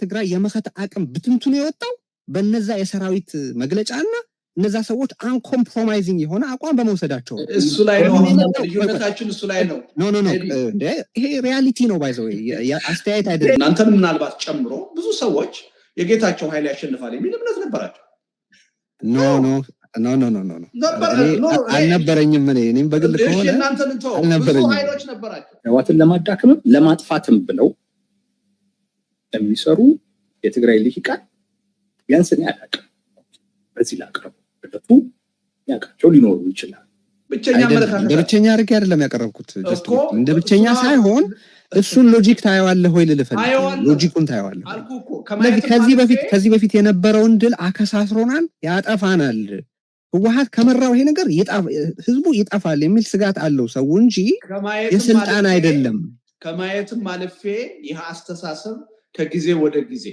ትግራይ የመኸት አቅም ብትንቱን የወጣው በነዛ የሰራዊት መግለጫ እና እነዛ ሰዎች አንኮምፕሮማይዚንግ የሆነ አቋም በመውሰዳቸው እሱ ላይ ነው እሱ ላይ ነው። ኖ ኖ ኖ፣ ይሄ ሪያሊቲ ነው። ባይዘ አስተያየት አይደለም። እናንተን ምናልባት ጨምሮ ብዙ ሰዎች የጌታቸው ሀይል ያሸንፋል የሚል እምነት ነበራቸው። ኖ ኖ ኖ ኖ ኖ ኖ አልነበረኝም። እኔ እኔም በግል ከሆነ አልነበረኝም። ነበራቸው ህዋትን ለማዳክምም ለማጥፋትም ብለው የሚሰሩ የትግራይ ልሂቃን ቢያንስ እኔ አላውቅም። በዚህ ላቅረቡ ለቱ ያውቃቸው ሊኖሩ ይችላል። እንደ ብቸኛ አድርጌ አይደለም ያቀረብኩት፣ እንደ ብቸኛ ሳይሆን እሱን ሎጂክ ታየዋለህ ወይ ልልፈል ሎጂኩን ታየዋለህ። ከዚህ በፊት የነበረውን ድል አከሳስሮናል፣ ያጠፋናል። ህወሀት ከመራው ይሄ ነገር ህዝቡ ይጠፋል የሚል ስጋት አለው ሰው እንጂ የስልጣን አይደለም። ከማየትም አልፌ ይህ አስተሳሰብ ከጊዜ ወደ ጊዜ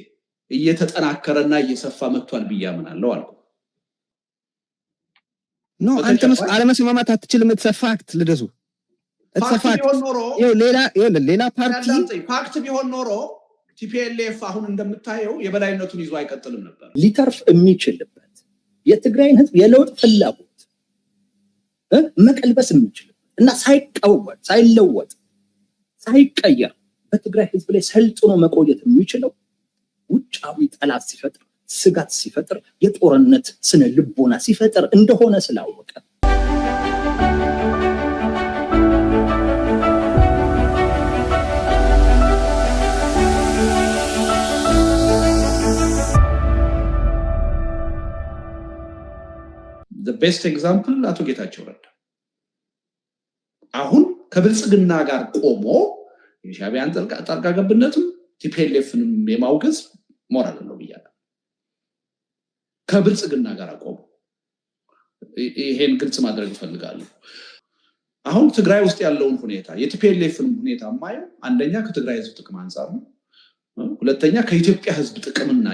እየተጠናከረና እየሰፋ መጥቷል ብያምናለው አምናለሁ አልኩ። ኖ አንተ አለመስማማት አትችልም። ፋክት ልደሱ ሌላ ፓርቲ ፓክት ቢሆን ኖሮ ቲፒኤልኤፍ አሁን እንደምታየው የበላይነቱን ይዞ አይቀጥልም ነበር። ሊተርፍ የሚችልበት የትግራይን ህዝብ የለውጥ ፍላጎት መቀልበስ የሚችልበት እና ሳይቀወጥ ሳይለወጥ ሳይቀየር በትግራይ ህዝብ ላይ ሰልጥኖ መቆየት የሚችለው ውጫዊ ጠላት ሲፈጥር፣ ስጋት ሲፈጥር፣ የጦርነት ስነ ልቦና ሲፈጥር እንደሆነ ስላወቀ ቤስት ኤግዛምፕል አቶ ጌታቸው ረዳ አሁን ከብልጽግና ጋር ቆሞ የሻቢያን ጣልቃ ገብነትም ቲፔሌፍንም የማውገዝ ሞራል ነው ብያለ ከብልጽግና ጋር አቆሙ። ይሄን ግልጽ ማድረግ ይፈልጋሉ አሁን ትግራይ ውስጥ ያለውን ሁኔታ የቲፔሌፍን ሁኔታ ማየው አንደኛ ከትግራይ ህዝብ ጥቅም አንጻር ነው። ሁለተኛ ከኢትዮጵያ ህዝብ ጥቅምና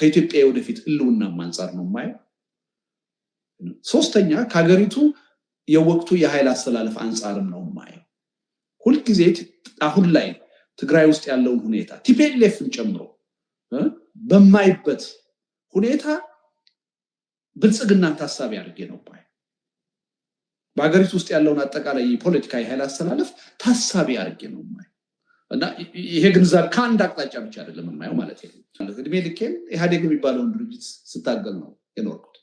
ከኢትዮጵያ የወደፊት ህልውና አንጻር ነው ማየው። ሶስተኛ ከሀገሪቱ የወቅቱ የኃይል አስተላለፍ አንጻርም ነው ማየው። ሁልጊዜ አሁን ላይ ትግራይ ውስጥ ያለውን ሁኔታ ቲፒኤልኤፍን ጨምሮ በማይበት ሁኔታ ብልጽግናን ታሳቢ አድርጌ ነው ባይ በሀገሪቱ ውስጥ ያለውን አጠቃላይ የፖለቲካ የኃይል አስተላለፍ ታሳቢ አድርጌ ነው ማይ እና ይሄ ግንዛቤ ከአንድ አቅጣጫ ብቻ አይደለም የማየው ማለት ነው። እድሜ ልኬን ኢህአዴግ የሚባለውን ድርጅት ስታገል ነው የኖርኩት።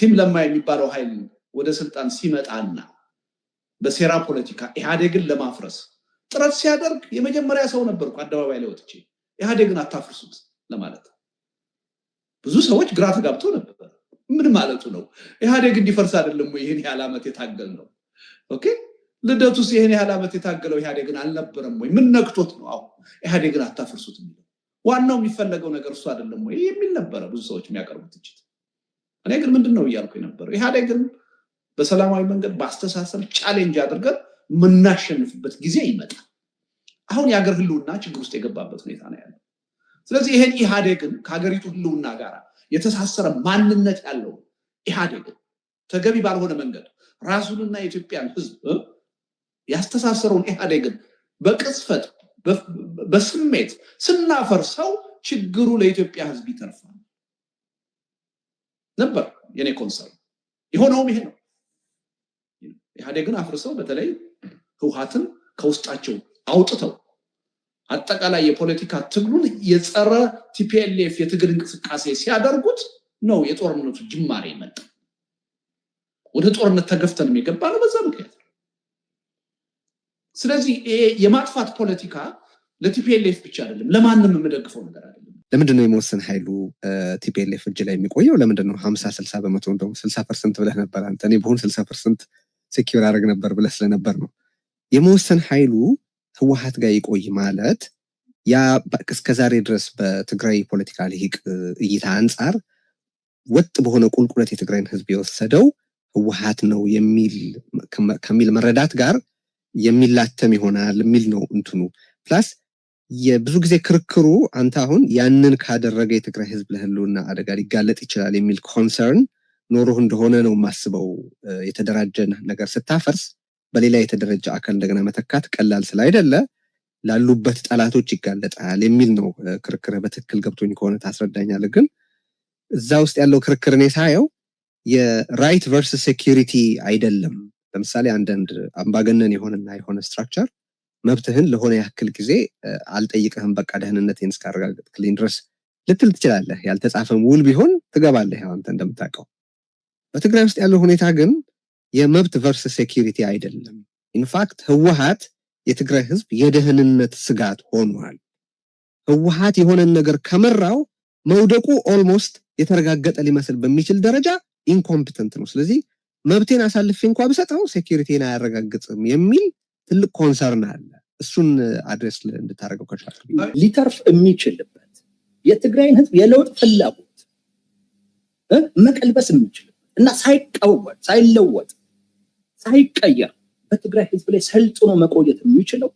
ቲም ለማ የሚባለው ኃይል ወደ ስልጣን ሲመጣና በሴራ ፖለቲካ ኢህአዴግን ለማፍረስ ጥረት ሲያደርግ የመጀመሪያ ሰው ነበርኩ አደባባይ ላይ ወጥቼ ኢህአዴግን አታፍርሱት ለማለት። ብዙ ሰዎች ግራ ተጋብተው ነበር። ምን ማለቱ ነው? ኢህአዴግ እንዲፈርስ አይደለም ወይ ይህን ያህል ዓመት የታገል ነው? ኦኬ ልደቱስ ይህን ያህል ዓመት የታገለው ኢህአዴግን አልነበረም ወይ? ምን ነክቶት ነው አሁን ኢህአዴግን አታፍርሱት የሚለው? ዋናው የሚፈለገው ነገር እሱ አይደለም ወይ የሚል ነበረ ብዙ ሰዎች የሚያቀርቡት ትችት። እኔ ግን ምንድን ነው እያልኩ የነበረው ኢህአዴግን በሰላማዊ መንገድ በአስተሳሰብ ቻሌንጅ አድርገን የምናሸንፍበት ጊዜ ይመጣል። አሁን የሀገር ህልውና ችግር ውስጥ የገባበት ሁኔታ ነው ያለው። ስለዚህ ይሄን ኢህአዴግን ከሀገሪቱ ህልውና ጋር የተሳሰረ ማንነት ያለው ኢህአዴግን ተገቢ ባልሆነ መንገድ ራሱንና የኢትዮጵያን ህዝብ ያስተሳሰረውን ኢህአዴግን በቅጽፈት በስሜት ስናፈርሰው ችግሩ ለኢትዮጵያ ህዝብ ይተርፋል ነበር የኔ ኮንሰርን። የሆነውም ይሄ ነው። ኢህአዴግን አፍርሰው በተለይ ህውሀትን ከውስጣቸው አውጥተው አጠቃላይ የፖለቲካ ትግሉን የጸረ ቲፒኤልኤፍ የትግል እንቅስቃሴ ሲያደርጉት ነው የጦርነቱ ጅማሬ መጣ። ወደ ጦርነት ተገፍተን የገባ ነው በዛ ምክንያት ስለዚህ የማጥፋት ፖለቲካ ለቲፒኤልኤፍ ብቻ አይደለም፣ ለማንም የምደግፈው ነገር አይደለም። ለምንድነው የመወሰን ኃይሉ ቲፒኤልኤፍ እጅ ላይ የሚቆየው? ለምንድነው ሀምሳ ስልሳ በመቶ እንደውም ስልሳ ፐርሰንት ብለህ ነበር አንተ። እኔ በሆን ስልሳ ፐርሰንት ሴኪር አድረግ ነበር ብለ ስለነበር ነው። የመወሰን ኃይሉ ህወሀት ጋር ይቆይ ማለት ያ እስከዛሬ ድረስ በትግራይ ፖለቲካ ልሂቅ እይታ አንጻር ወጥ በሆነ ቁልቁለት የትግራይን ህዝብ የወሰደው ህወሀት ነው ከሚል መረዳት ጋር የሚላተም ይሆናል የሚል ነው እንትኑ ፕላስ የብዙ ጊዜ ክርክሩ አንተ አሁን ያንን ካደረገ የትግራይ ህዝብ ለህልውና አደጋ ሊጋለጥ ይችላል የሚል ኮንሰርን ኖሮህ እንደሆነ ነው የማስበው። የተደራጀ ነገር ስታፈርስ በሌላ የተደረጀ አካል እንደገና መተካት ቀላል ስላይደለ ላሉበት ጠላቶች ይጋለጣል የሚል ነው ክርክር። በትክክል ገብቶኝ ከሆነ ታስረዳኛል ግን እዛ ውስጥ ያለው ክርክር እኔ ሳየው የራይት ቨርስ ሴኪሪቲ አይደለም። ለምሳሌ አንዳንድ አምባገነን የሆነና የሆነ ስትራክቸር መብትህን ለሆነ ያክል ጊዜ አልጠይቅህም፣ በቃ ደህንነቴን እስካረጋገጥክልኝ ድረስ ልትል ትችላለህ። ያልተጻፈም ውል ቢሆን ትገባለህ። አንተ እንደምታውቀው በትግራይ ውስጥ ያለው ሁኔታ ግን የመብት ቨርስ ሴኪሪቲ አይደለም። ኢንፋክት ህወሀት የትግራይ ህዝብ የደህንነት ስጋት ሆኗል። ህወሀት የሆነን ነገር ከመራው መውደቁ ኦልሞስት የተረጋገጠ ሊመስል በሚችል ደረጃ ኢንኮምፒተንት ነው። ስለዚህ መብቴን አሳልፌ እንኳ ብሰጠው ሴኪሪቲን አያረጋግጥም የሚል ትልቅ ኮንሰርን አለ። እሱን አድሬስ እንድታደርገው ከቻል ሊተርፍ የሚችልበት የትግራይን ህዝብ የለውጥ ፍላጎት መቀልበስ የሚችል እና ሳይቀወጥ ሳይለወጥ ሳይቀየር በትግራይ ህዝብ ላይ ሰልጥኖ መቆየት የሚችለው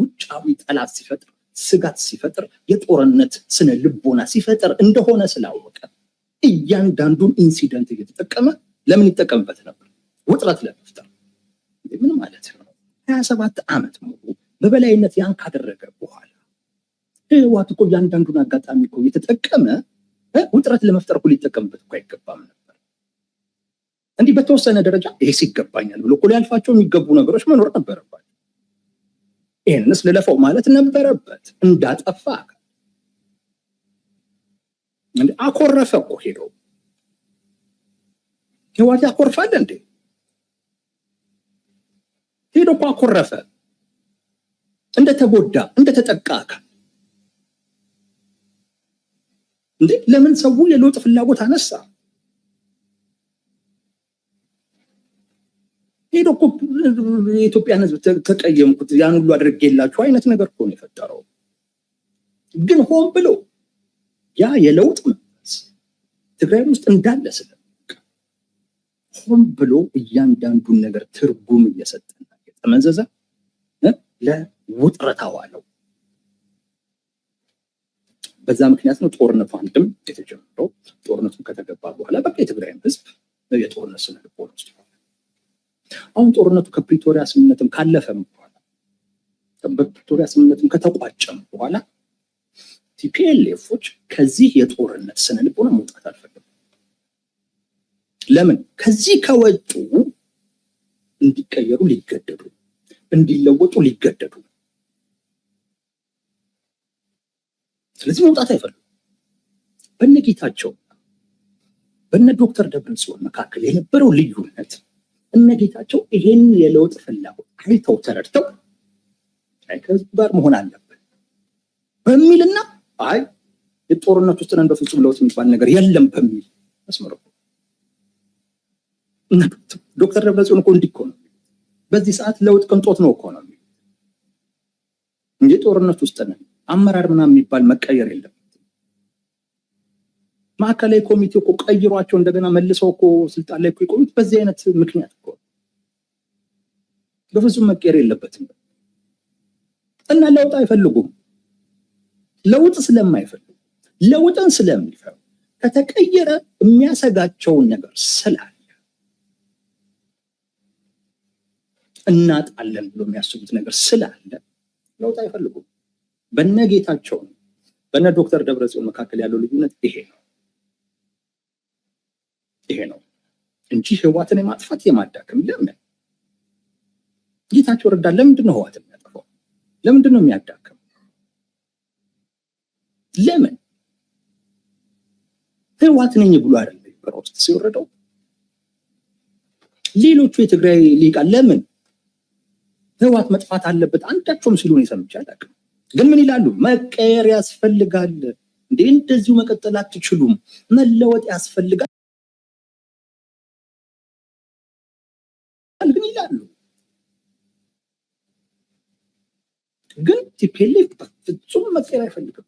ውጫዊ ጠላት ሲፈጥር ስጋት ሲፈጥር የጦርነት ስነ ልቦና ሲፈጥር እንደሆነ ስላወቀ እያንዳንዱን ኢንሲደንት እየተጠቀመ ለምን ይጠቀምበት ነበር? ውጥረት ለመፍጠር። ምን ማለት ነው? ሀያ ሰባት ዓመት ሙሉ በበላይነት ያን ካደረገ በኋላ ህወሓት እኮ እያንዳንዱን አጋጣሚ እኮ እየተጠቀመ ውጥረት ለመፍጠር እኮ ሊጠቀምበት እኮ አይገባም እንዲህ በተወሰነ ደረጃ ይሄ ይገባኛል ብሎ እኮ ሊያልፋቸው የሚገቡ ነገሮች መኖር ነበረባቸው። ይህንስ ልለፈው ማለት ነበረበት። እንዳጠፋ አኮረፈ እኮ ሄዶ ህዋት ያኮርፋል እንዴ? ሄዶ እኮ አኮረፈ። እንደተጎዳ እንደተጠቃ አካል እንዴ! ለምን ሰው የለውጥ ፍላጎት አነሳ? ሄዶ እኮ የኢትዮጵያን ህዝብ ተቀየምኩት ያን ሁሉ አድርጌላችሁ አይነት ነገር እኮ ነው የፈጠረው። ግን ሆን ብሎ ያ የለውጥ መንፈስ ትግራይ ውስጥ እንዳለ ስለሚቅ ሆን ብሎ እያንዳንዱን ነገር ትርጉም እየሰጠና የተመዘዘ ለውጥረት አዋለው። በዛ ምክንያት ነው ጦርነቱ አንድም የተጀመረው። ጦርነቱን ከተገባ በኋላ በቃ የትግራይም ህዝብ የጦርነት ስነ ውስጥ አሁን ጦርነቱ ከፕሪቶሪያ ስምምነትም ካለፈም በኋላ በፕሪቶሪያ ስምምነትም ከተቋጨም በኋላ ቲፒኤልኤፎች ከዚህ የጦርነት ስነ ልቦና መውጣት አልፈለጉም። ለምን? ከዚህ ከወጡ እንዲቀየሩ ሊገደዱ፣ እንዲለወጡ ሊገደዱ። ስለዚህ መውጣት አይፈልጉም። በነ ጌታቸው በነ ዶክተር ደብረጽዮን መካከል የነበረው ልዩነት እነጌታቸው ይሄን የለውጥ ፍላጎት አይተው ተረድተው ከህዝቡ ጋር መሆን አለብን በሚልና አይ የጦርነት ውስጥ ነን በፍጹም ለውጥ የሚባል ነገር የለም በሚል መስመረ ዶክተር ደብረጽዮን እኮ እንዲህ እኮ ነው በዚህ ሰዓት ለውጥ ቅንጦት ነው እኮ ነው እንጂ ጦርነት ውስጥ ነን አመራር ምናምን የሚባል መቀየር የለም ማዕከላዊ ኮሚቴ እኮ ቀይሯቸው እንደገና መልሰው እኮ ስልጣን ላይ የቆዩት በዚህ አይነት ምክንያት እኮ በፍጹም መቀየር የለበትም። እና ለውጥ አይፈልጉም። ለውጥ ስለማይፈልጉ ለውጥን ስለሚፈሩ ከተቀየረ የሚያሰጋቸውን ነገር ስላለ እናጣለን ብሎ የሚያስቡት ነገር ስላለ ለውጥ አይፈልጉም። በነ ጌታቸው በነ ዶክተር ደብረጽዮን መካከል ያለው ልዩነት ይሄ ነው። ይሄ ነው እንጂ ህዋትን የማጥፋት የማዳክም ለምን ጌታቸው ረዳ ለምንድን ነው ህዋትን የሚያጠፋው? ለምንድን ነው የሚያዳክም? ለምን ህዋት ነኝ ብሎ አይደለም ይበራ ውስጥ ሲወረደው ሌሎቹ የትግራይ ሊቃ ለምን ህዋት መጥፋት አለበት አንዳቸውም ሲሉን የሰምቻ አላውቅም። ግን ምን ይላሉ? መቀየር ያስፈልጋል እንዴ! እንደዚሁ መቀጠል አትችሉም። መለወጥ ያስፈልጋል። አሉ። ግን ቲፒኤልኤፍ ፍጹም መቀየር አይፈልግም።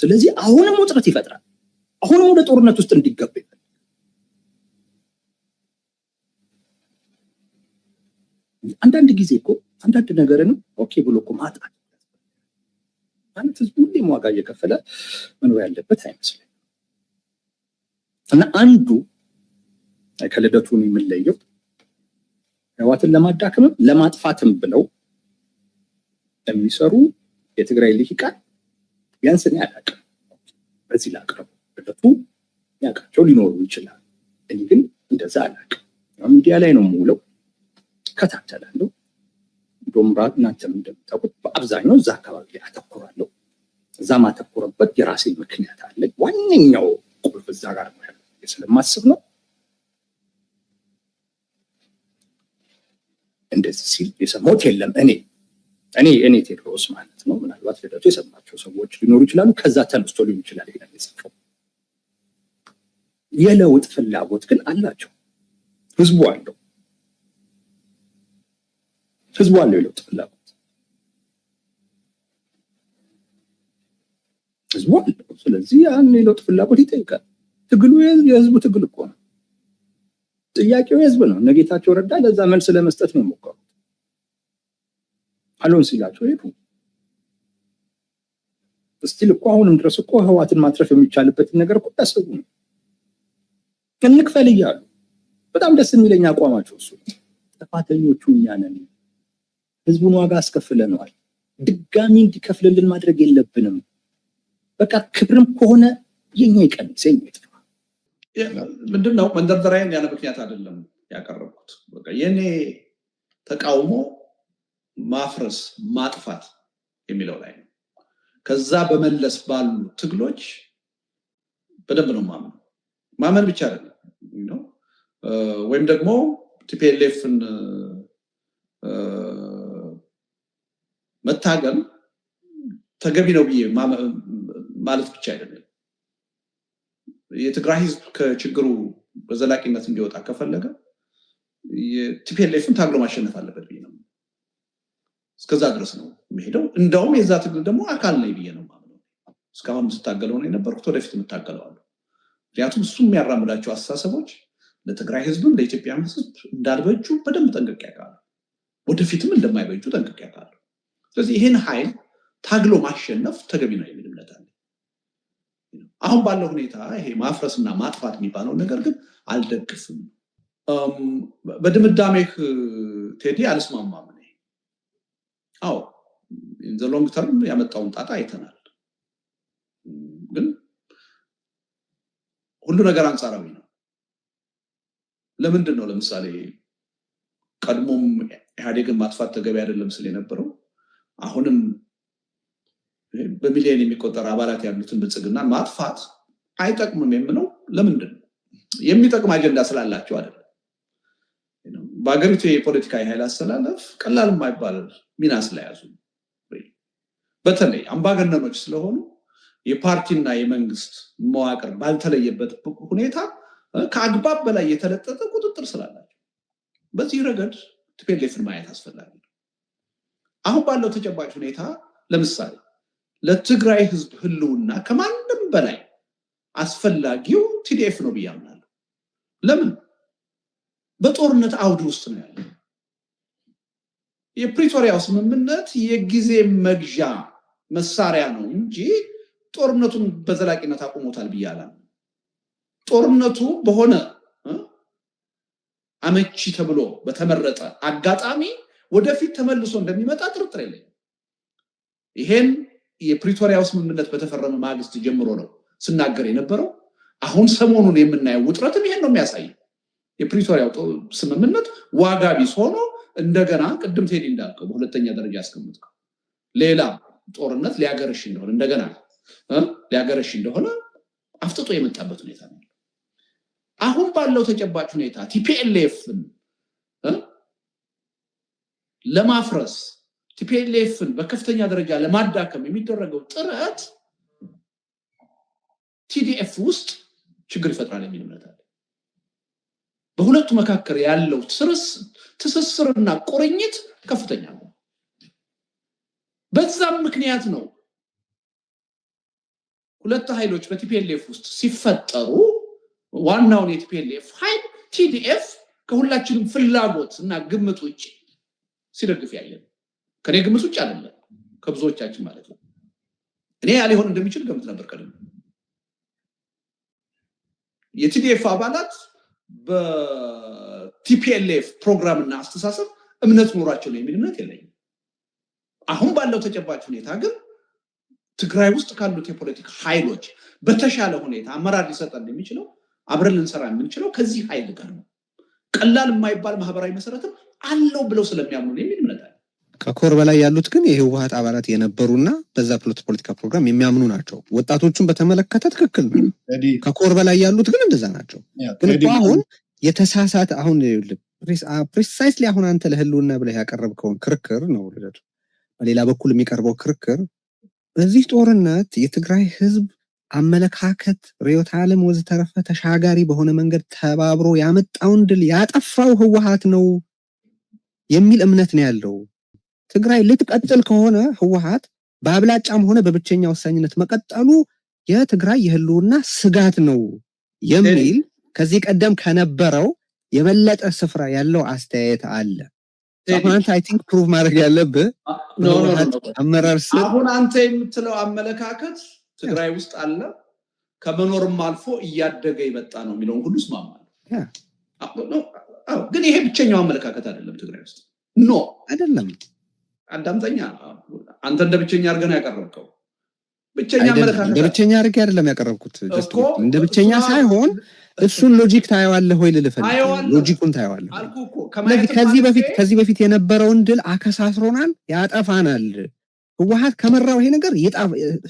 ስለዚህ አሁንም ውጥረት ይፈጥራል። አሁንም ወደ ጦርነት ውስጥ እንዲገባ ይፈልጋል። አንዳንድ ጊዜ እኮ አንዳንድ ነገርን ኦኬ ብሎ እኮ ማጣት ማለት ህዝቡ ሁሌም ዋጋ እየከፈለ መኖር ያለበት አይመስለኝም። እና አንዱ ከልደቱን የምንለየው ህወሓትን ለማዳከምም ለማጥፋትም ብለው የሚሰሩ የትግራይ ልሂቃን ቢያንስ እኔ አላውቅም። በዚህ ላቅረቡ ልደቱ ያውቃቸው ሊኖሩ ይችላል። እኔ ግን እንደዛ አላቅም። ሚዲያ ላይ ነው የምውለው፣ እከታተላለሁ። ዶምራ እናንተም እንደምታውቁት በአብዛኛው እዛ አካባቢ ላይ አተኩራለሁ። እዛ ማተኩረበት የራሴ ምክንያት አለ። ዋነኛው ቁልፍ እዛ ጋር ስለማስብ ነው። እንደዚህ ሲል የሰማሁት የለም። እኔ እኔ እኔ ቴድሮስ ማለት ነው። ምናልባት ልደቱ የሰማቸው ሰዎች ሊኖሩ ይችላሉ። ከዛ ተነስቶ ሊሆን ይችላል የጻፈው። የለውጥ ፍላጎት ግን አላቸው። ህዝቡ አለው፣ ህዝቡ አለው የለውጥ ፍላጎት ህዝቡ አለው። ስለዚህ ያን የለውጥ ፍላጎት ይጠይቃል። ትግሉ የህዝቡ ትግል እኮ ነው። ጥያቄው የህዝብ ነው። ነጌታቸው ረዳ ለዛ መልስ ለመስጠት ነው የሞከሩት። አልሆን ሲላቸው ሄዱ። እስቲል እኮ አሁንም ድረስ እኮ ህዋትን ማትረፍ የሚቻልበትን ነገር እኮ ያሰቡ ነው። እንክፈል እያሉ በጣም ደስ የሚለኝ አቋማቸው እሱ። ጥፋተኞቹ እኛ ነን፣ ህዝቡን ዋጋ አስከፍለነዋል። ድጋሚ እንዲከፍልልን ማድረግ የለብንም። በቃ ክብርም ከሆነ የኛ ይቀንስ የሚል ነው። ምንድን ነው መንደርደሪያን ያለ ምክንያት አይደለም ያቀረብኩት። የኔ የእኔ ተቃውሞ ማፍረስ ማጥፋት የሚለው ላይ ነው። ከዛ በመለስ ባሉ ትግሎች በደንብ ነው ማመን ማመን ብቻ አይደለም ወይም ደግሞ ቲፒልፍን መታገል ተገቢ ነው ብዬ ማለት ብቻ አይደለም። የትግራይ ህዝብ ከችግሩ በዘላቂነት እንዲወጣ ከፈለገ ቲፒልፍን ታግሎ ማሸነፍ አለበት ብዬ ነው። እስከዛ ድረስ ነው የሚሄደው። እንደውም የዛ ትግል ደግሞ አካል ነው ብዬ ነው ማለት ነው። እስካሁን ስታገለው ነው የነበርኩት፣ ወደፊት የምታገለዋለሁ። ምክንያቱም እሱ የሚያራምዳቸው አስተሳሰቦች ለትግራይ ህዝብም ለኢትዮጵያ ህዝብ እንዳልበጁ በደንብ ጠንቅቅ አውቃለሁ። ወደፊትም እንደማይበጁ ጠንቅቅ አውቃለሁ። ስለዚህ ይህን ኃይል ታግሎ ማሸነፍ ተገቢ ነው የሚል አሁን ባለው ሁኔታ ይሄ ማፍረስና ማጥፋት የሚባለው ነገር ግን አልደግፍም። በድምዳሜህ ቴዲ አልስማማም። እኔ አዎ ኢንዘ ሎንግ ተርም ያመጣውን ጣጣ አይተናል። ግን ሁሉ ነገር አንጻራዊ ነው። ለምንድን ነው ለምሳሌ ቀድሞም ኢህአዴግን ማጥፋት ተገቢ አይደለም ስል የነበረው አሁንም በሚሊዮን የሚቆጠር አባላት ያሉትን ብልጽግና ማጥፋት አይጠቅምም የምለው ለምንድን ነው? የሚጠቅም አጀንዳ ስላላቸው አይደለም። በሀገሪቱ የፖለቲካ የኃይል አስተላለፍ ቀላል የማይባል ሚና ስለያዙ በተለይ አምባገነኖች ስለሆኑ የፓርቲና የመንግስት መዋቅር ባልተለየበት ሁኔታ ከአግባብ በላይ የተለጠጠ ቁጥጥር ስላላቸው በዚህ ረገድ ትፔሌፍን ማየት አስፈላጊ ነው። አሁን ባለው ተጨባጭ ሁኔታ ለምሳሌ ለትግራይ ህዝብ ህልውና ከማንም በላይ አስፈላጊው ቲዲኤፍ ነው ብያምናለ ለምን በጦርነት አውድ ውስጥ ነው ያለ። የፕሪቶሪያው ስምምነት የጊዜ መግዣ መሳሪያ ነው እንጂ ጦርነቱን በዘላቂነት አቁሞታል ብያላ ጦርነቱ በሆነ አመቺ ተብሎ በተመረጠ አጋጣሚ ወደፊት ተመልሶ እንደሚመጣ ጥርጥር የለኝ ይሄን የፕሪቶሪያው ስምምነት በተፈረመ ማግስት ጀምሮ ነው ስናገር የነበረው። አሁን ሰሞኑን የምናየው ውጥረትም ይሄን ነው የሚያሳየው። የፕሪቶሪያው ስምምነት ዋጋ ቢስ ሆኖ እንደገና ቅድም ቴዲ እንዳልከው በሁለተኛ ደረጃ ያስቀምጥከው ሌላ ጦርነት ሊያገረሽ እንደሆነ እንደገና ሊያገረሽ እንደሆነ አፍጥጦ የመጣበት ሁኔታ ነው። አሁን ባለው ተጨባጭ ሁኔታ ቲፒኤልኤፍን ለማፍረስ ቲፒኤልኤፍን በከፍተኛ ደረጃ ለማዳከም የሚደረገው ጥረት ቲዲኤፍ ውስጥ ችግር ይፈጥራል የሚል እምነት አለ። በሁለቱ መካከል ያለው ትስስርና ቁርኝት ከፍተኛ ነው። በዛም ምክንያት ነው ሁለት ኃይሎች በቲፒኤልኤፍ ውስጥ ሲፈጠሩ ዋናውን የቲፒኤልኤፍ ኃይል ቲዲኤፍ ከሁላችንም ፍላጎት እና ግምት ውጭ ሲደግፍ ያየነው። ከኔ ግምት ውጭ አለ ከብዙዎቻችን ማለት ነው። እኔ ያ ሊሆን እንደሚችል ገምት ነበር። ቀደም የቲዲኤፍ አባላት በቲፒኤልኤፍ ፕሮግራምና አስተሳሰብ እምነት ኖሯቸው ነው የሚል እምነት የለኝም። አሁን ባለው ተጨባጭ ሁኔታ ግን ትግራይ ውስጥ ካሉት የፖለቲካ ኃይሎች በተሻለ ሁኔታ አመራር ሊሰጠን የሚችለው አብረን ልንሰራ የምንችለው ከዚህ ኃይል ጋር ነው። ቀላል የማይባል ማህበራዊ መሰረትም አለው ብለው ስለሚያምኑ የሚል ከኮር በላይ ያሉት ግን የህወሀት አባላት የነበሩና በዛ ፖለቲካ ፕሮግራም የሚያምኑ ናቸው። ወጣቶቹን በተመለከተ ትክክል ነው። ከኮር በላይ ያሉት ግን እንደዛ ናቸው። ግን አሁን የተሳሳተ አሁን ፕሪሳይስሊ አሁን አንተ ለህልውና ብለህ ያቀረብከውን ክርክር ነው ልደቱ። በሌላ በኩል የሚቀርበው ክርክር በዚህ ጦርነት የትግራይ ህዝብ አመለካከት፣ ርዕዮተ ዓለም ወዘተረፈ ተሻጋሪ በሆነ መንገድ ተባብሮ ያመጣውን ድል ያጠፋው ህወሀት ነው የሚል እምነት ነው ያለው ትግራይ ልትቀጥል ከሆነ ህወሀት በአብላጫም ሆነ በብቸኛ ወሳኝነት መቀጠሉ የትግራይ የህልውና ስጋት ነው የሚል ከዚህ ቀደም ከነበረው የበለጠ ስፍራ ያለው አስተያየት አለ። አሁን አንተ ፕሩቭ ማድረግ ያለብህ አመራር አሁን አንተ የምትለው አመለካከት ትግራይ ውስጥ አለ ከመኖርም አልፎ እያደገ ይመጣ ነው የሚለውን ሁሉ እስማማለሁ። ግን ይሄ ብቸኛው አመለካከት አይደለም። ትግራይ ውስጥ ኖ አይደለም። አዳምጠኛ አንተ እንደ ብቸኛ አድርገህ ነው ያቀረብከው። ብቸኛ አመለካከት ብቸኛ አድርጌ አይደለም ያቀረብኩት። እንደ ብቸኛ ሳይሆን እሱን ሎጂክ ታየዋለህ ወይ ልልፈል ሎጂኩን ታየዋለህ። ከዚህ በፊት የነበረውን ድል አከሳስሮናል፣ ያጠፋናል። ህወሀት ከመራው ይሄ ነገር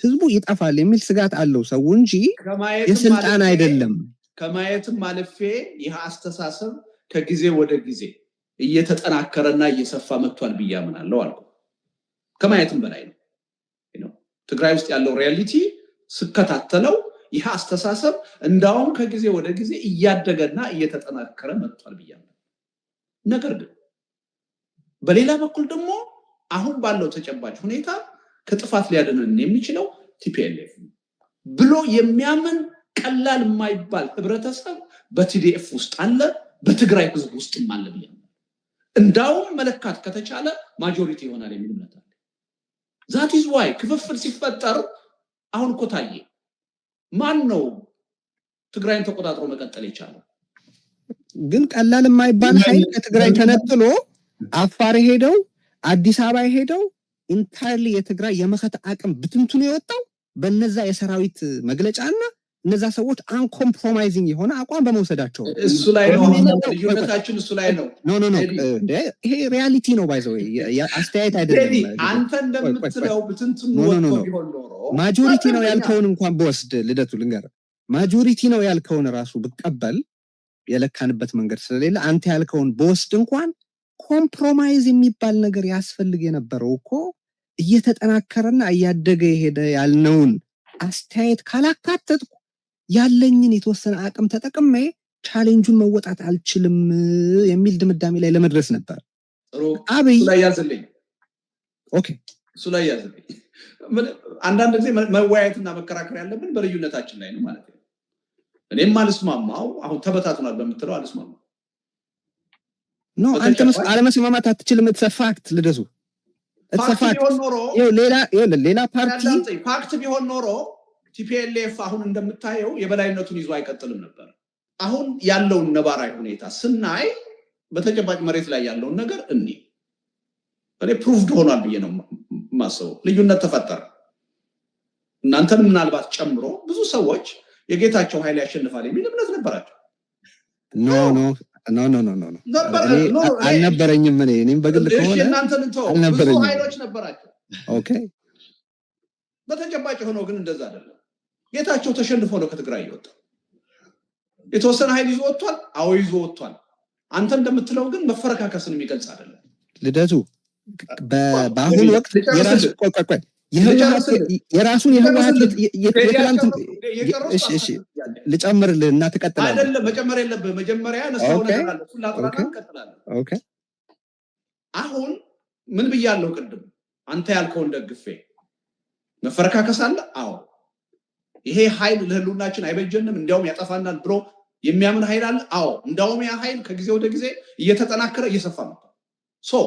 ህዝቡ ይጠፋል የሚል ስጋት አለው ሰው እንጂ የስልጣን አይደለም። ከማየትም አልፌ ይህ አስተሳሰብ ከጊዜ ወደ ጊዜ እየተጠናከረና እየሰፋ መጥቷል ብዬ አምናለሁ አልኩ። ከማየትም በላይ ነው። ትግራይ ውስጥ ያለው ሪያሊቲ ስከታተለው ይህ አስተሳሰብ እንዳውም ከጊዜ ወደ ጊዜ እያደገና እየተጠናከረ መጥቷል ብያለሁ። ነገር ግን በሌላ በኩል ደግሞ አሁን ባለው ተጨባጭ ሁኔታ ከጥፋት ሊያድነን የሚችለው ቲፒኤልኤፍ ብሎ የሚያምን ቀላል የማይባል ህብረተሰብ በቲዲኤፍ ውስጥ አለ፣ በትግራይ ህዝብ ውስጥም አለ ብያለሁ። እንዳውም መለካት ከተቻለ ማጆሪቲ ይሆናል የሚል እምነት አለ። ዛት ኢዝ ዋይ ክፍፍል ሲፈጠር አሁን እኮ ታየ። ማን ነው ትግራይን ተቆጣጥሮ መቀጠል የቻለው? ግን ቀላል የማይባል ኃይል ከትግራይ ተነጥሎ አፋር የሄደው አዲስ አበባ የሄደው ኢንታይርሊ የትግራይ የመከት አቅም ብትንትኑ የወጣው በነዛ የሰራዊት መግለጫና እነዛ ሰዎች አንኮምፕሮማይዚንግ የሆነ አቋም በመውሰዳቸው እሱ ላይ ነው እሱ ላይ ነው። ኖ ኖ ኖ ይሄ ሪያሊቲ ነው። ባይዘው አስተያየት አይደለም። አንተ እንደምትለው ብትንትን ወጥቶ ቢሆን ኖሮ ማጆሪቲ ነው ያልከውን እንኳን በወስድ ልደቱ ልንገር ማጆሪቲ ነው ያልከውን ራሱ ብቀበል የለካንበት መንገድ ስለሌለ አንተ ያልከውን በወስድ እንኳን ኮምፕሮማይዝ የሚባል ነገር ያስፈልግ የነበረው እኮ እየተጠናከረና እያደገ የሄደ ያልነውን አስተያየት ካላካተትኩ ያለኝን የተወሰነ አቅም ተጠቅሜ ቻሌንጁን መወጣት አልችልም የሚል ድምዳሜ ላይ ለመድረስ ነበር። አብይ ያዝልኝ፣ እሱ ላይ ያዘለኝ አንዳንድ ጊዜ መወያየትና መከራከር ያለብን በልዩነታችን ላይ ነው ማለት ነው። እኔም አልስማማው አሁን ተበታትኗል በምትለው አልስማማ ኖ አንተ አለመስማማት አትችልም። ተፋክት ልደሱ ፋክት ቢሆን ኖሮ ሌላ ፓርቲ ፋክት ቢሆን ኖሮ ቲፒኤልኤፍ አሁን እንደምታየው የበላይነቱን ይዞ አይቀጥልም ነበር። አሁን ያለውን ነባራዊ ሁኔታ ስናይ በተጨባጭ መሬት ላይ ያለውን ነገር እኔ እኔ ፕሩቭድ ሆኗል ብዬ ነው ማስበው። ልዩነት ተፈጠረ። እናንተን ምናልባት ጨምሮ ብዙ ሰዎች የጌታቸው ኃይል ያሸንፋል የሚል እምነት ነበራቸው። አልነበረኝም። እኔ እኔም በግል ከሆነ አልነበረኝም። ነበራቸው። በተጨባጭ የሆነው ግን እንደዛ አይደለም። ጌታቸው ተሸንፎ ነው ከትግራይ የወጣው። የተወሰነ ኃይል ይዞ ወጥቷል። አዎ ይዞ ወጥቷል። አንተ እንደምትለው ግን መፈረካከስን የሚገልጽ አይደለም። ልደቱ በአሁኑ ወቅት የራሱን የህወሀት ልጨምርልህ እና ትቀጥላለህ። አይደለም መጨመር የለብህ መጀመሪያ ነስው ነገር አለ እሱን ላጥራና እንቀጥላለን። አሁን ምን ብያለሁ? ቅድም አንተ ያልከውን ደግፌ መፈረካከስ አለ። አዎ ይሄ ኃይል ለህሉናችን አይበጀንም፣ እንዲያውም ያጠፋናል ብሎ የሚያምን ኃይል አለ። አዎ እንዲያውም ያ ኃይል ከጊዜ ወደ ጊዜ እየተጠናከረ እየሰፋ ነበር። ሶ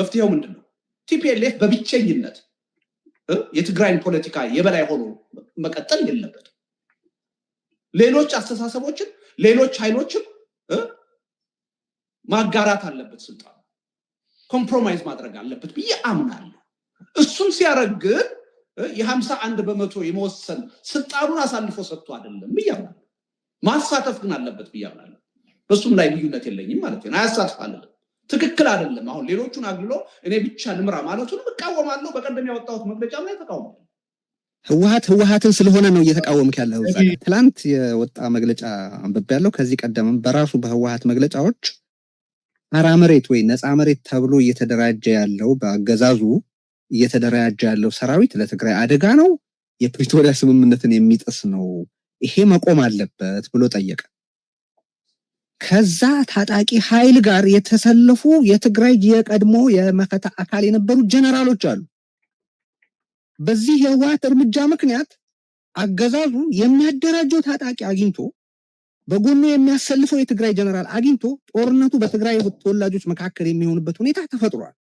መፍትሄው ምንድን ነው? ቲፒኤልኤፍ በብቸኝነት የትግራይን ፖለቲካ የበላይ ሆኖ መቀጠል የለበትም። ሌሎች አስተሳሰቦችን ሌሎች ኃይሎችም ማጋራት አለበት፣ ስልጣን ኮምፕሮማይዝ ማድረግ አለበት ብዬ አምናለሁ። እሱን ግን? የሀምሳ አንድ በመቶ የመወሰን ስልጣኑን አሳልፎ ሰጥቶ አይደለም ብያምናለሁ። ማሳተፍ ግን አለበት ብያምናለሁ። በሱም ላይ ልዩነት የለኝም ማለት ነው። አያሳትፍ አለለም ትክክል አይደለም። አሁን ሌሎቹን አግሎ እኔ ብቻ ልምራ ማለቱንም እቃወማለሁ። በቀደም ያወጣሁት መግለጫ ላይ ተቃውሟል። ህወሀት ህወሀትን ስለሆነ ነው እየተቃወምክ ያለው። ትላንት የወጣ መግለጫ አንብቤ ያለው ከዚህ ቀደምም በራሱ በህወሀት መግለጫዎች አራ መሬት ወይ ነፃ መሬት ተብሎ እየተደራጀ ያለው በአገዛዙ እየተደራጀ ያለው ሰራዊት ለትግራይ አደጋ ነው፣ የፕሪቶሪያ ስምምነትን የሚጥስ ነው፣ ይሄ መቆም አለበት ብሎ ጠየቀ። ከዛ ታጣቂ ኃይል ጋር የተሰለፉ የትግራይ የቀድሞ የመከታ አካል የነበሩ ጀነራሎች አሉ። በዚህ የህወሓት እርምጃ ምክንያት አገዛዙ የሚያደራጀው ታጣቂ አግኝቶ በጎኑ የሚያሰልፈው የትግራይ ጀነራል አግኝቶ ጦርነቱ በትግራይ ተወላጆች መካከል የሚሆንበት ሁኔታ ተፈጥሯል።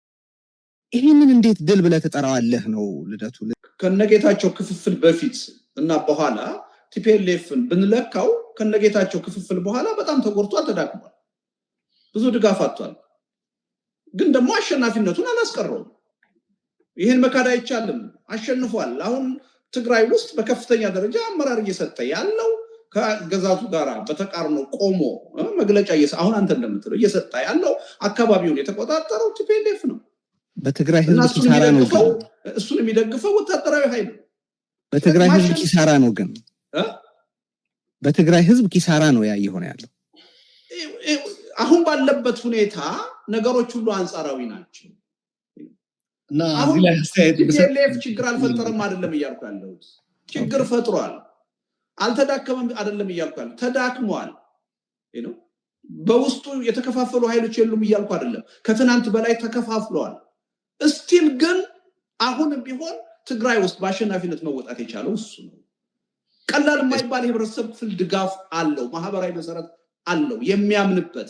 ይህንን እንዴት ድል ብለ ተጠራዋለህ ነው ልደቱ። ከነጌታቸው ክፍፍል በፊት እና በኋላ ቲፒልፍን ብንለካው ከነጌታቸው ክፍፍል በኋላ በጣም ተጎድቷል፣ ተዳክሟል፣ ብዙ ድጋፍ አቷል ግን ደግሞ አሸናፊነቱን አላስቀረውም። ይህን መካድ አይቻልም። አሸንፏል። አሁን ትግራይ ውስጥ በከፍተኛ ደረጃ አመራር እየሰጠ ያለው ከገዛቱ ጋር በተቃርኖ ቆሞ መግለጫ አሁን አንተ እንደምትለው እየሰጠ ያለው አካባቢውን የተቆጣጠረው ቲፒልፍ ነው። በትግራይ ህዝብ ኪሳራ ነው። እሱን የሚደግፈው ወታደራዊ ሀይል በትግራይ ህዝብ ኪሳራ ነው። ግን በትግራይ ህዝብ ኪሳራ ነው ያ እየሆነ ያለው። አሁን ባለበት ሁኔታ ነገሮች ሁሉ አንጻራዊ ናቸው። ቲፒኤልኤፍ ችግር አልፈጠረም አይደለም እያልኩ ያለሁት፣ ችግር ፈጥሯል። አልተዳከመም አይደለም እያልኩ ያለ ተዳክሟል። በውስጡ የተከፋፈሉ ኃይሎች የሉም እያልኩ አይደለም። ከትናንት በላይ ተከፋፍለዋል። እስቲል ግን አሁንም ቢሆን ትግራይ ውስጥ በአሸናፊነት መወጣት የቻለው እሱ ነው። ቀላል የማይባል የህብረተሰብ ክፍል ድጋፍ አለው፣ ማህበራዊ መሰረት አለው የሚያምንበት።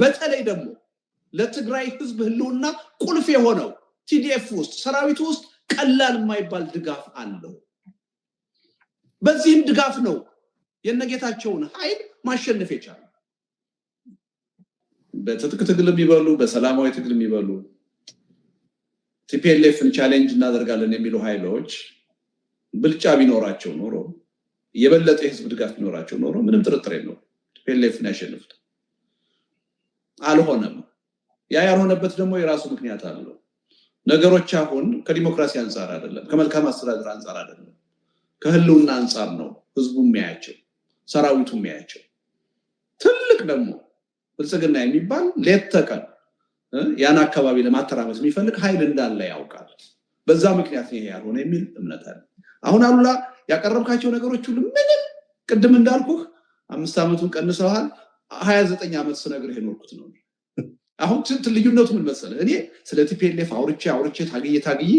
በተለይ ደግሞ ለትግራይ ህዝብ ህልውና ቁልፍ የሆነው ቲዲኤፍ ውስጥ ሰራዊቱ ውስጥ ቀላል የማይባል ድጋፍ አለው። በዚህም ድጋፍ ነው የነጌታቸውን ኃይል ማሸነፍ የቻለው። በትጥቅ ትግል የሚበሉ በሰላማዊ ትግል የሚበሉ ቲፒኤልኤፍን ቻሌንጅ እናደርጋለን የሚሉ ኃይሎች ብልጫ ቢኖራቸው ኖሮ የበለጠ የህዝብ ድጋፍ ቢኖራቸው ኖሮ ምንም ጥርጥር የለው ቲፒኤልኤፍን ያሸንፉት። አልሆነም። ያ ያልሆነበት ደግሞ የራሱ ምክንያት አለው። ነገሮች አሁን ከዲሞክራሲ አንጻር አይደለም፣ ከመልካም አስተዳደር አንጻር አይደለም፣ ከህልውና አንጻር ነው ህዝቡ የሚያያቸው፣ ሰራዊቱ የሚያያቸው። ትልቅ ደግሞ ብልጽግና የሚባል ሌት ተቀን ያን አካባቢ ለማተራመስ የሚፈልግ ኃይል እንዳለ ያውቃል። በዛ ምክንያት ይሄ ያልሆነ የሚል እምነት አለ። አሁን አሉላ ያቀረብካቸው ነገሮች ሁሉ ምንም ቅድም እንዳልኩህ አምስት ዓመቱን ቀንሰዋል። ሀያ ዘጠኝ ዓመት ስነግር የኖርኩት ነው። አሁን ልዩነቱ ምን መሰለህ? እኔ ስለ ቲፒኤልኤፍ አውርቼ አውርቼ ታግዬ ታግዬ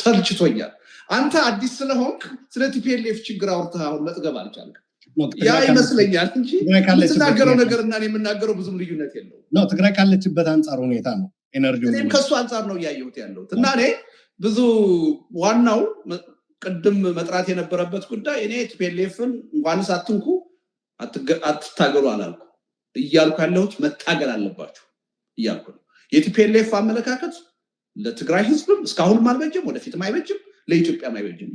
ሰልችቶኛል። አንተ አዲስ ስለሆንክ ስለ ቲፒኤልኤፍ ችግር አውርተህ አሁን መጥገብ አልቻልክም። ያ ይመስለኛል እንጂ የምትናገረው ነገርና የምናገረው ብዙም ልዩነት የለውም። ትግራይ ካለችበት አንጻር ሁኔታ ነው ኤነርጂው። እኔም አንጻር ነው እያየሁት ያለሁት እና እኔ ብዙ ዋናው ቅድም መጥራት የነበረበት ጉዳይ እኔ ቲፒኤልኤፍን እንኳንስ አትንኩ አትታገሉ አላልኩ። እያልኩ ያለሁት መታገል አለባችሁ እያልኩ ነው። የቲፒኤልኤፍ አመለካከት ለትግራይ ህዝብም እስካሁንም አልበጅም፣ ወደፊትም አይበጅም፣ ለኢትዮጵያም አይበጅም።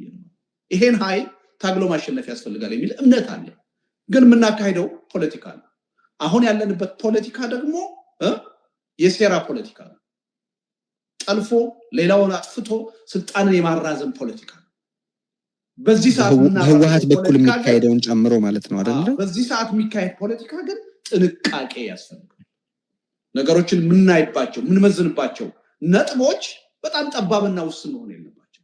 ይሄን ሀይል ታግሎ ማሸነፍ ያስፈልጋል የሚል እምነት አለ። ግን የምናካሄደው ፖለቲካ ነው። አሁን ያለንበት ፖለቲካ ደግሞ የሴራ ፖለቲካ ነው። ጠልፎ ሌላውን አጥፍቶ ስልጣንን የማራዘም ፖለቲካ ነው። በዚህ ሰዓት በኩል የሚካሄደውን ጨምሮ ማለት ነው አይደለ? በዚህ ሰዓት የሚካሄድ ፖለቲካ ግን ጥንቃቄ ያስፈልጋል። ነገሮችን የምናይባቸው የምንመዝንባቸው ነጥቦች በጣም ጠባብና ውስን መሆን የለባቸው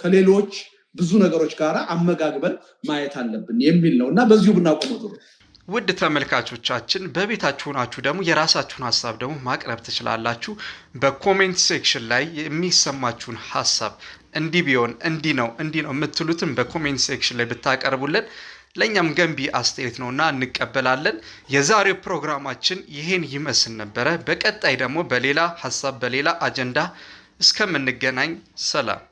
ከሌሎች ብዙ ነገሮች ጋር አመጋግበን ማየት አለብን የሚል ነው እና በዚሁ ብናቆመ ጥሩ። ውድ ተመልካቾቻችን በቤታችሁ ሆናችሁ ደግሞ የራሳችሁን ሀሳብ ደግሞ ማቅረብ ትችላላችሁ። በኮሜንት ሴክሽን ላይ የሚሰማችሁን ሀሳብ እንዲህ ቢሆን እንዲህ ነው እንዲህ ነው የምትሉትን በኮሜንት ሴክሽን ላይ ብታቀርቡልን ለእኛም ገንቢ አስተያየት ነውና እንቀበላለን። የዛሬው ፕሮግራማችን ይሄን ይመስል ነበረ። በቀጣይ ደግሞ በሌላ ሀሳብ በሌላ አጀንዳ እስከምንገናኝ ሰላም።